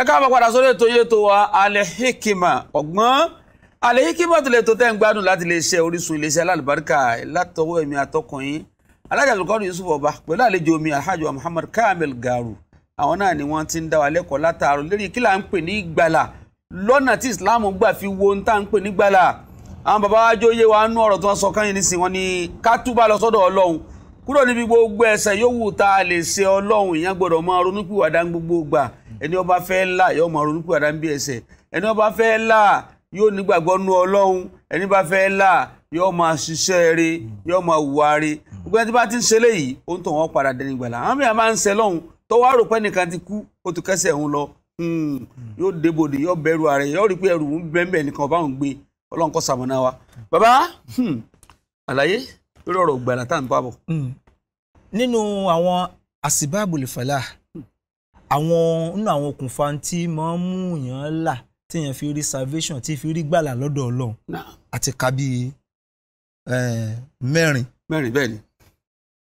ẹ káàbọ̀ padà sórí ètò yé tó wa alehikima ọ̀gbọ́n alehikima tó lè tó tẹ́ ń gbádùn láti lè ṣe orísun iléeṣẹ́ alálùbáríkà látọwọ́ ẹ̀mí atọ́kùnrin alájà yusuf ọba pẹ̀lú àlejò mi alhaji wa muhammad Kamel garu àwọn náà ni wọ́n ti ń dá wa lẹ́kọ̀ọ́ látàárọ̀ lérí kí là ń pè ní ìgbàlà lọ́nà tí islam gbà fi wo ń tà ń pè ní ìgbàlà àwọn bàbá wa jóye wa nú ọ̀rọ̀ tí wọ́n sọ kányìn nísìn wọn ni ká túbà lọ sọ́dọ̀ ọlọ́run kúrò níbi gbogbo ẹ̀ṣẹ̀ yòówù tá a lè ṣe ọlọ́run ìyẹn gbọ́dọ̀ máa ronúpìwàdà gbogbo gbà ẹni ó bá fẹ́ là yóò máa ronú pé àdá ń bí ẹsẹ̀ ẹni ó bá fẹ́ là yóò nígbàgbọ́ nú ọlọ́run ẹni bá fẹ́ là yóò máa ṣiṣẹ́ rẹ̀ yóò máa wùwà rẹ̀ gbogbo ẹni tí bá ti ń ṣe léyìí ó ń tàn wọ́n padà dẹni gbàlà àwọn mìíràn máa ń ṣe lọ́hùn tó wá rò pé nìkan ti kú ó ti kẹ́sẹ̀ òun lọ hmm, yóò débòdè yóò bẹ̀rù ààrẹ yóò rí pé ẹrù ń bẹ́ẹ̀ nìkan ọba òun gbé ọlọ́run kọ́ sàmọ́nà wa bàbá hmm, àlàyé lórí ọ̀rọ̀ ìgbàlà tá à ń pàbọ̀. Hmm. nínú àwọn àsìbáàbùlì fàlà àwọn nínú àwọn okùnfà tí máa ń mú yàn là téèyàn fi rí salvation tí fi rí gbàlà lọ́dọ̀ Ọlọ́run àti ka bíi mẹ́rin. mẹ́rin bẹ́ẹ̀ ni.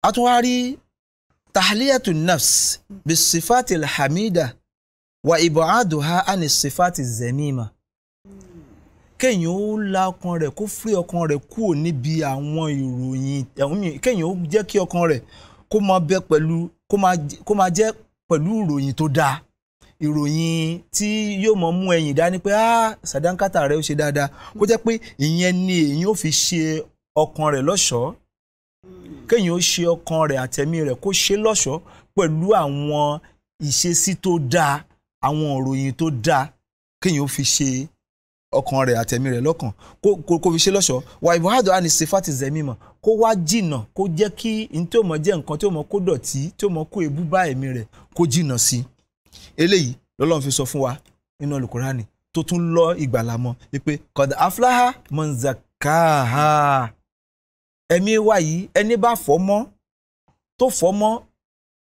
a tún wá rí tahliyatu nafs bisifati alhamida wa ibuaduha ani sifati zemima kéèyàn ó la ọkàn rẹ̀ kó fúri ọkàn rẹ̀ kúrò níbi àwọn ìròyìn ẹ̀hún mi kéèyàn ó jẹ́ kí ọkàn rẹ̀ kó máa bẹ pẹ̀lú kó máa jẹ́ pẹ̀lú ìròyìn tó dáa ìròyìn tí yóò mọ mú ẹ̀yìn dání pé ah sàdánkátà rẹ ó ṣe dáadáa hmm. kó jẹ́ pé ìyẹn ni èyí ò fi ṣe ọkàn rẹ̀ lọ́ṣọ̀ọ́ hmm. kéèyàn ó ṣe ọkàn rẹ̀ àtẹ̀mí rẹ̀ kó ṣe lọ́ṣọ̀ọ́ pẹ̀lú àwọn ìṣesí tó dáa àwọn ìròyìn tó dáa kéèyàn ó fi ṣe ọkàn rẹ̀ àtẹ̀mí rẹ̀ lọ́kàn kó fi ṣe lọ́ṣọ̀ọ́ wàá ìbò àdó àní sefati zẹ́mímọ̀ kó wá jìnà kó jẹ́ kí n tí ó mọ̀ jẹ́ nǹkan tí ó mọ̀ kó dọ̀tí tí ó mọ̀ kó èébú bá ẹ̀mí rẹ̀ kó jìnà sí i eléyìí lọ́lọ́run fi sọ fún wa nínú alukurani tó tún lọ ìgbàlà mọ́ wípé kọ̀dà afláhà mọ̀nzàkáhà ẹ̀mí wa yìí ẹni bá fọ́ mọ́ tó fọ́ mọ́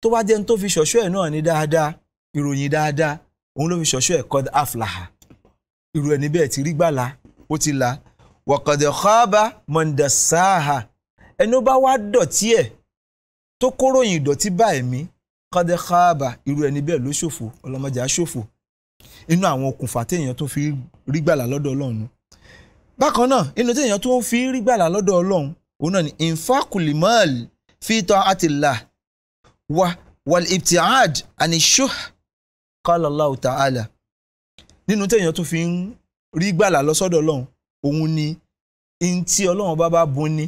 tó wá jẹ́ ní tó fi ṣọ̀ṣọ́ ẹ̀ náà ní dáadáa ìròyìn dáadáa òun ló fi ṣọ̀ṣọ́ ẹ̀ kọ̀dà afláhà irú bẹ́ẹ̀ ti rí gbàlà ó ti là wọ̀kọ̀dẹ̀ kọ́ba mọ̀ndàsáhà ẹni bá wá dọ̀tí ẹ̀ tó kóròyìn ìdọ̀tí bá ẹ̀mí kọ́dẹ́ káàbà irú ẹni bẹ́ẹ̀ ló ṣòfò ọlọ́mọdé á ṣòfò inú àwọn okùnfà téèyàn tó fi rí gbàlà lọ́dọ̀ ọlọ́run bákan náà inú téèyàn tó fi rí gbàlà lọ́dọ̀ ọlọ́run òun náà ni infakulimal fitọ atila wa walibtiad anishuh qala ta'ala nínú téèyàn tó fi rí gbàlà lọ́sọ́dọ̀ ọlọ́run òun ni ntí ọlọ́run bá bá bùn ni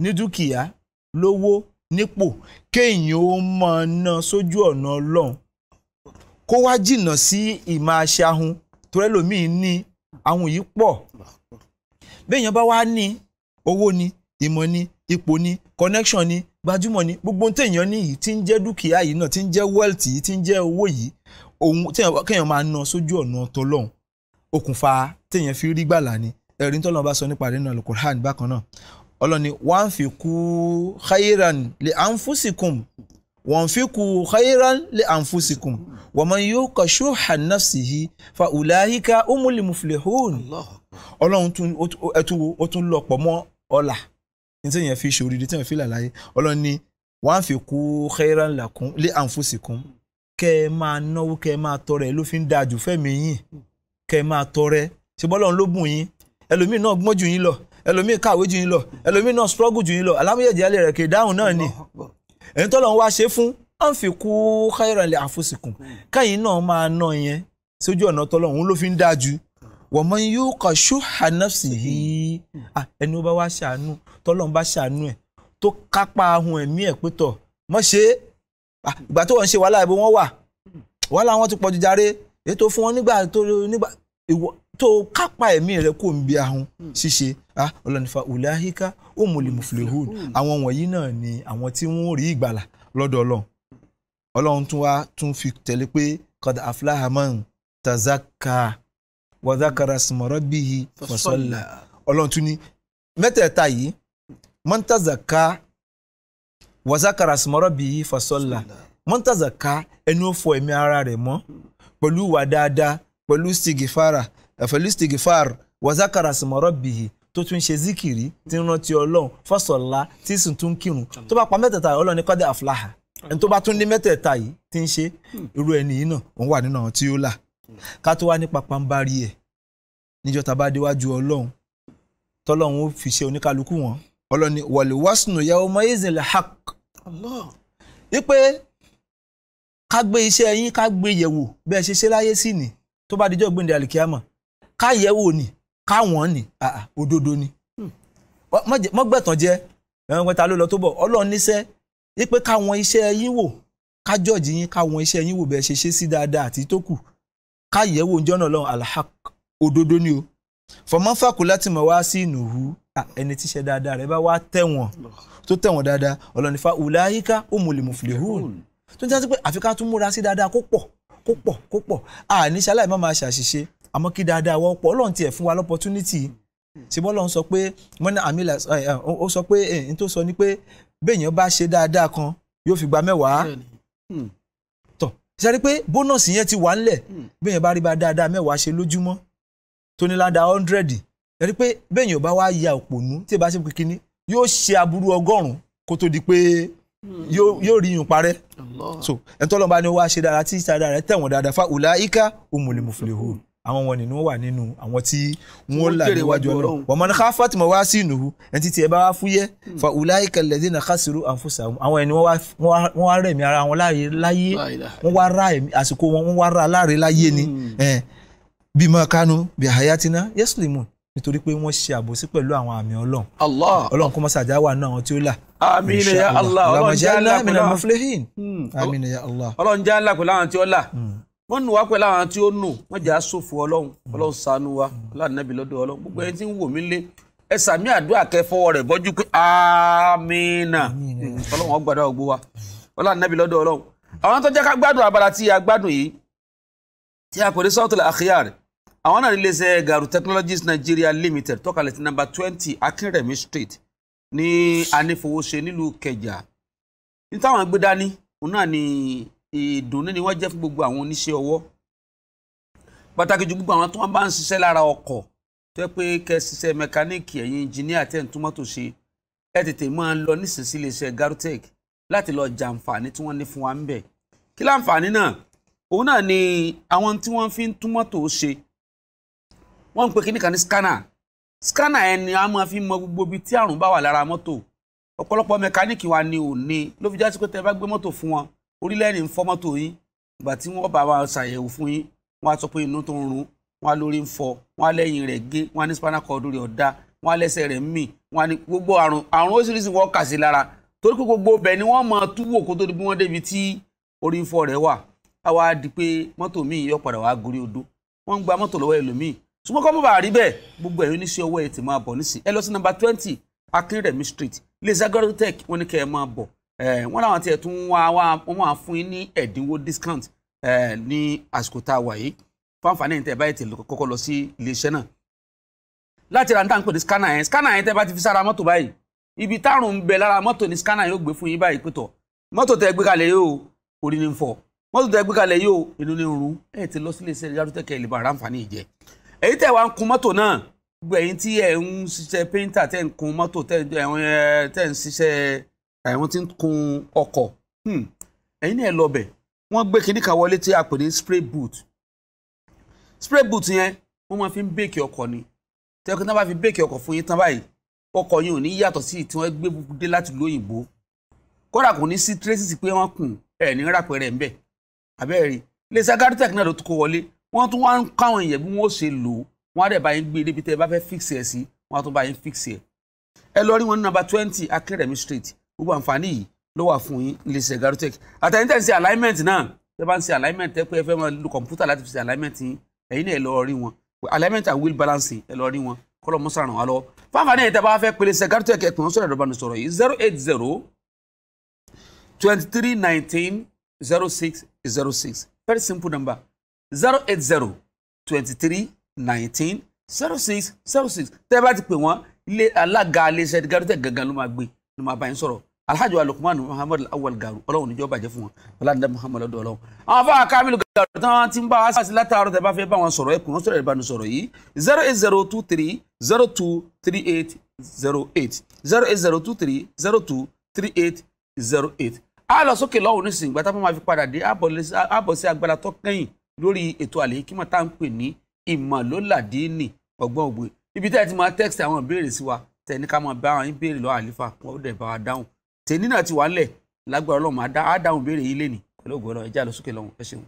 ní dúkìá lówó nípò kéèyàn ó máa ná sójú ọ̀nà ọlọ́run kó wá jìnnà sí ìmọ̀ aṣahun torí ẹlòmíín ní àwọn yìí pọ̀ béèyàn bá wá ní owó ni ìmọ̀ ni ipò ni connection ni gbajúmọ̀ ni gbogbo téèyàn ní yìí tí ń jẹ́ dúkìá yìí náà tí ń jẹ́ wealth yìí tí ń jẹ́ owó yìí òun kéèyàn máa ná sójú ọ̀nà tọlọ́hun okùnfà téèyàn fi rí gbàlà ni ẹ̀rí tọ́lọ́run bá sọ nípa rẹ̀ náà Al-Qur'an bákan náà ọlọ́ni wọ́n fi kú khayran li anfusikum wọ́n fi kú khayran li anfusikum wa man yuqa shuhha nafsihi fa ulaika umul muflihun ọlọ́run ó tún lọ pọ̀ mọ́ ọlà ní tí èèyàn fi ṣòrìdí tí èèyàn fi là láyé ọlọ́ni wọ́n fi kú khayran lakum li anfusikum kẹ́ ẹ máa náwó kẹ́ ẹ máa tọrẹ ló fi ń dáa jù fẹ́mi yín kẹ́ ẹ máa tọrẹ ṣe bọ́lọ́run ló bùn yín ẹlòmíì náà gbọ́n jù yín lọ ẹlòmíì kàwé jù yín lọ ẹlòmíì náà struggle jù yín lọ alámúyẹ̀dì alẹ́ rẹ̀ kì í dáhùn náà ni ẹni tó lọ́n wá ṣe fún an fi kú khayran li anfusikum káyìn náà máa ná yẹn sójú ọ̀nà tọ́lọ̀ òun ló fi ń dáa ju wa man yuqa shuhha nafsihi ẹni ó bá wá ṣàánú tọ́lọ̀ ń bá ṣàánú ẹ̀ tó kápá ahun ẹ̀mí ẹ̀ pétọ̀ mọ́ ṣe ìgbà tó wọ́n ṣe wàhálà ibo wọ́n wà wàhálà wọn ti pọ̀jù jàre ètò fún wọn nígbà tó nígbà tó kápá ẹ̀mí rẹ kó ń bí ahun hmm. ṣíṣe ah, ọlọ́nifá ulahika umul muflihun hmm. àwọn wọ̀nyí náà ni àwọn tí wọ́n rí ìgbàlà lọ́dọ̀ ọlọ́run ọlọ́run tún wá tún fi tẹ̀lé pé qad aflaha man tazakka wa zakara isma rabbihi fasalla ọlọ́run tún ní mẹ́tẹ̀ẹ̀ta yìí man tazakka wa zakara isma rabbihi ẹni ó fọ ẹ̀mí ara rẹ̀ mọ́ hmm. pẹ̀lú ìwà dáadáa pẹ̀lú sìgìfàrà ẹ̀fẹ̀lúsìtìgìfàr wàzákàrà sùmọ́rọ́bìhì tó tún ṣe zikiri tí ń rántí ọlọ́run fọ́sọ̀lá tí sì tún kírun tó bá pa mẹ́tẹ̀ẹ̀ta ọlọ́run ní kọ́dẹ̀ àfúláhà ẹni tó bá tún ní mẹ́tẹ̀ẹ̀ta yìí tí ń ṣe irú ẹni yìí náà òun wà nínú àwọn tí ó là ká tó wá ní papambari ẹ̀ níjọ́ tá a bá déwájú ọlọ́run tọ́lọ́run ó fi ṣe oníkálukú wọn ọlọ́ni wọ̀lẹ̀ wásùnù yàwó mọ ìzìnlẹ̀ hak. wípé ká gbé iṣẹ́ yín ká gbé yẹ̀wò bẹ́ẹ̀ ṣe ṣe láyé sí ni tó bá dijọ́ gbéǹde àlìkíyàmọ̀ káyẹ̀wò ni káwọn ni ah, ah, òdodo ni hmm. mọ́gbẹ̀tàn jẹ́ ẹ̀rọ pẹ́ta ló lọ tó bọ̀ ọlọ́run níṣẹ́ wípé káwọn iṣẹ́ yín wò ká jọ́ọ̀jì yín káwọn iṣẹ́ yín wò bẹ́ẹ̀ ṣe ṣe sí dáadáa àti tó kù káyẹ̀wò ń jọ́nà lọ́run alhaq òdodo ni o fọmọ́fàkù láti mọ̀ wá sí ìnùhú ah, ẹni tíṣẹ́ dáadáa rẹ bá wá tẹ̀wọ̀n tó tẹ̀wọ̀n dáadáa ọlọ́run nífa ùláyíká òmùlẹ̀mùfìlẹ̀hún tó ń tẹ́tí pé àfi ká tún múra sí dáadáa kó pọ̀ kó pọ̀ kó pọ̀ àníṣe aláìmọ́ máa ṣàṣìṣe àmọ́ kí dáadáa wọ́n pọ̀ ọlọ́run tiẹ̀ fún wa lọ́pọ̀tunity ṣùgbọ́n ọlọ́run sọ pé mọ́nà àmìlà ó sọ pé n tó sọ ni pé béèyàn bá ṣe dáadáa kan yóò fi gba mẹ́wàá hmm. tọ̀ ṣe rí i pé bónọ́ọ̀sì yẹn ti wà ńlẹ̀ hmm. béèyàn bá rí bá dáadáa mẹ́wàá ṣe lójúmọ́ tó ní ládàá hundred ṣe rí i pé béèyàn bá wá ya òpònú tí ì bá ṣe kíkíní yóò ṣe aburú ọgọ́rùn-ún kó tó di pé hmm. yóò rí yun parẹ́ so ẹ̀ńtọ́lọ́ba ni wọ́n wá ṣe dáadáa tí ìta dáadáa tẹ̀wọ̀n dáadáa fa ulaika umul muflihun àwọn wọn nínú wà nínú àwọn tí wọn là níwájú Ọlọ́run wọn mọ ní ká fatima wá sí ìnùhù ẹni tí ẹ bá wá fúyẹ́ hmm. fa ulayi kẹlẹdẹ náà ká sírú àǹfọ̀sàwọn àwọn ẹni wọn wá rẹ̀mí ara wọn láàyè láyé wọn wá ra àsìkò wọn wọn wá ra láàrin láyé ni bí mọ kánú bí àyàtínà yẹsùlímù nítorí pé wọ́n ṣe àbòsí pẹ̀lú àwọn àmì ọlọ́run ọlọ́run kó má ṣàjà wà náà àwọn tí ó là. àmín hmm. ya Allah ọlọ́run jẹ́ àlàkùn láwọn tí ó là. Hmm wọ́n nù wá pẹ̀lú àwọn tí ó nù wọ́n jà á sófo ọlọ́run ọlọ́run ṣàánú wa ọlànàbí lọ́dọ̀ ọlọ́run gbogbo ẹni tí ń wò mí lé ẹ sàmí àdúrà kẹfọwọ́ rẹ̀ bọ́jú pé amínà mm, ọlọ́run ọgbàdá ògbó wa ọlànàbí lọ́dọ̀ ọlọ́run àwọn tó jẹ́ ká gbádùn abala tí a gbádùn yìí tí a kò rí Sawtul Akhyar àwọn náà nílé iṣẹ́ Garu Technologies Nigeria Limited tọ́kalẹ̀ ti nàmbà twenty Akínrẹ̀mí Street ní anífowóṣe nílùú Kẹjà ní táwọn gbé ni ìdùnnú ni wọ́n jẹ́ fún gbogbo àwọn oníṣẹ́ ọwọ́ pàtàkì ju gbogbo àwọn tí wọ́n bá ń ṣiṣẹ́ lára ọkọ̀ tó yẹ pé kẹ́ ṣiṣẹ́ mẹkáníìkì ẹ̀yin ẹnjìníà tẹ́ ń tún mọ́tò ṣe ẹ tètè máa ń lọ nísinsìnyí iléeṣẹ́ Garutech láti lọ jàǹfààní tí wọ́n ní fún wa ń bẹ̀ kí láǹfààní náà òun náà ni àwọn tí wọ́n fi ń tún mọ́tò ṣe wọ́n ń pe kíníkan ní scanner scanner yẹn ni a máa fi mọ gbogbo ibi tí àrùn bá wà lára mọ́tò ọ̀pọ̀lọpọ̀ mẹkáníìkì wa ni òní ló fi já sí pé tẹ́ bá gbé mọ́tò fún wọn orílẹ̀-èdè ń fọ́ mọ́tò yín ìgbà tí wọ́n bá wa ṣàyẹ̀wò fún yín wọ́n á sọ pé inú tó ń run wọ́n á lórí ń fọ́ wọ́n á lẹ́yìn rẹ̀ gé wọ́n á ní spinal cord rẹ̀ ọ̀dá wọ́n á lẹ́sẹ̀ rẹ̀ mì wọ́n á ní gbogbo àrùn àrùn oríṣiríṣi wọ́n kà sí lára torí pé gbogbo ibẹ̀ ni wọ́n máa túwò kó tó di bí wọ́n débi tí orí ń fọ́ rẹ̀ wà á wá di pé mọ́tò míì yọ padà wá gorí odó wọ́n ń gba mọ́tò lọ́wọ́ ẹlòmíì ṣùgbọ́n kọ́ mọ́ bàa rí bẹ́ẹ̀ gbogbo ẹ̀yin oníṣẹ́ ọwọ́ ẹ̀ tì máa bọ̀ nísì ẹ lọ sí nọ́mbà twenty akínrẹ̀mí street ilé Zagorotech wọ́n ní kẹ́ ẹ máa bọ̀ Eh, wọ́n láwọn tiẹ̀ tún wá wá wọ́n máa fún yín ní ẹ̀dínwó discount eh, ní àsìkò tá a wà yìí fún àǹfààní yìí tẹ́ ẹ bá tètè kọ́kọ́ lọ sí iléeṣẹ́ náà láti ra ní tàǹkò ní scanner yẹn scanner yẹn tẹ́ bá ti fi sára mọ́tò báyìí ibi tárùn ń bẹ lára mọ́tò ní scanner yóò gbé fún yín báyìí pẹ̀tọ̀ mọ́tò tẹ́ gbé kalẹ̀ yóò orí ni ń fọ́ mọ́tò tẹ́ gbé kalẹ̀ yóò inú ni ń rún ẹ̀ ti lọ sí iléeṣẹ́ yàtúntẹ̀kẹ́ ìlú bàrà àǹfààní yìí èyí tẹ́ wá ń kun mọ́tò náà gbogbo tí ẹ̀ ń ṣiṣẹ́ painter tẹ́ ń kun mọ́tò tẹ́ ń eh, ṣiṣẹ́ àwọn tí ń kun ọkọ̀ hmm. ẹ̀yin náà lọ bẹ̀ wọ́n gbé kinní kan wọlé tí a pè ní spray boot spray boot yẹn wọ́n máa fi ń bèèkì ọkọ̀ ni tẹ́kọ̀ tán bá fi bèèkì ọkọ̀ fún yín tán báyìí ọkọ̀ yín ò ní yàtọ̀ sí tí wọ́n gbé dé láti ìlú òyìnbó kódà kò ní sí tracy pé wọ́n kùn ẹ̀ ní rápẹ̀rẹ̀ ń bẹ̀ àbẹ́rẹ́ iléeṣẹ́ garitech náà ló tún kó wọlé wọ́n tún wọ́n ń káwọn èèyàn bí wọ́n ṣe lò wọ́n á dẹ̀ bá yín gbé e débi tẹ́ ẹ bá fẹ́ fix ẹ̀ sí wọ́n á tún bá yín fix ẹ̀ ẹ lọ rí wọn ní nọ́mbà twenty akérèmí street gbogbo àǹfààní yìí ló wà fún yín iléeṣẹ́ Garotech àtẹ̀yìn tẹ̀ ń ṣe alignment náà tẹ́ bá ń ṣe alignment tẹ́ pé ẹ fẹ́ máa lo kọ̀ǹpútà láti fi ṣe alignment yín ẹ̀yin ni ẹ lọ rí wọn alignment and wheel balancing ẹ lọ rí wọn kọ́lọ̀ mọ́sá ràn wá lọ fáfáàní ẹ̀yìn tẹ́ bá fẹ́ pe iléeṣẹ́ Garotech ẹ̀pọ̀n sọ̀rọ̀ ẹ̀rọ ìbánisọ̀rọ̀ yìí zero eight zero twenty three nineteen zero six zero six very simple number zero eight zero twenty three nineteen zero six zero six tẹ́ bá ti pè wọ́n ilé alága iléeṣẹ́ gangan ló máa gbé ló máa bá yín sọ̀rọ̀ alhaji wa lukman muhammad awal garu ọlọ́run níjọ́ bàjẹ́ fún wọn ọlọ́run dá muhammad ọdọ ọlọ́run. àwọn afáà kamilu garu tí wọ́n ti ń bá wa sáàsì látàárọ̀ tẹ́ bá fẹ́ bá wọn sọ̀rọ̀ ẹkùn ránṣẹ́ rẹ̀ bá nu sọ̀rọ̀ yìí zero eight zero two three zero two three eight zero eight zero eight zero two three zero two three eight zero eight. a lọ sókè lọ́wọ́ nísìnyí gbàtà fún ma fi padà dé àbọ̀ sí agbára tó kẹ́yìn lórí ètò àlèkímọ̀ tá à ń pè ní ìmọ̀lólàdínì ọgbọ́n ògbé ibi tẹ́ ẹ ti máa tẹ́ẹ̀sì tẹni ká máa bá àwọn yín béèrè lọ́wọ́ àlífà wọn ó dẹ̀ bá wa dáhùn tèmi náà ti wà ń lẹ̀ lágbára ọlọ́run á dáhùn béèrè yín lé pẹ̀lú ògbọ́n ọlọ́run ẹ jẹ́ àlọ́sókè lọ́hùn ẹ ṣeun.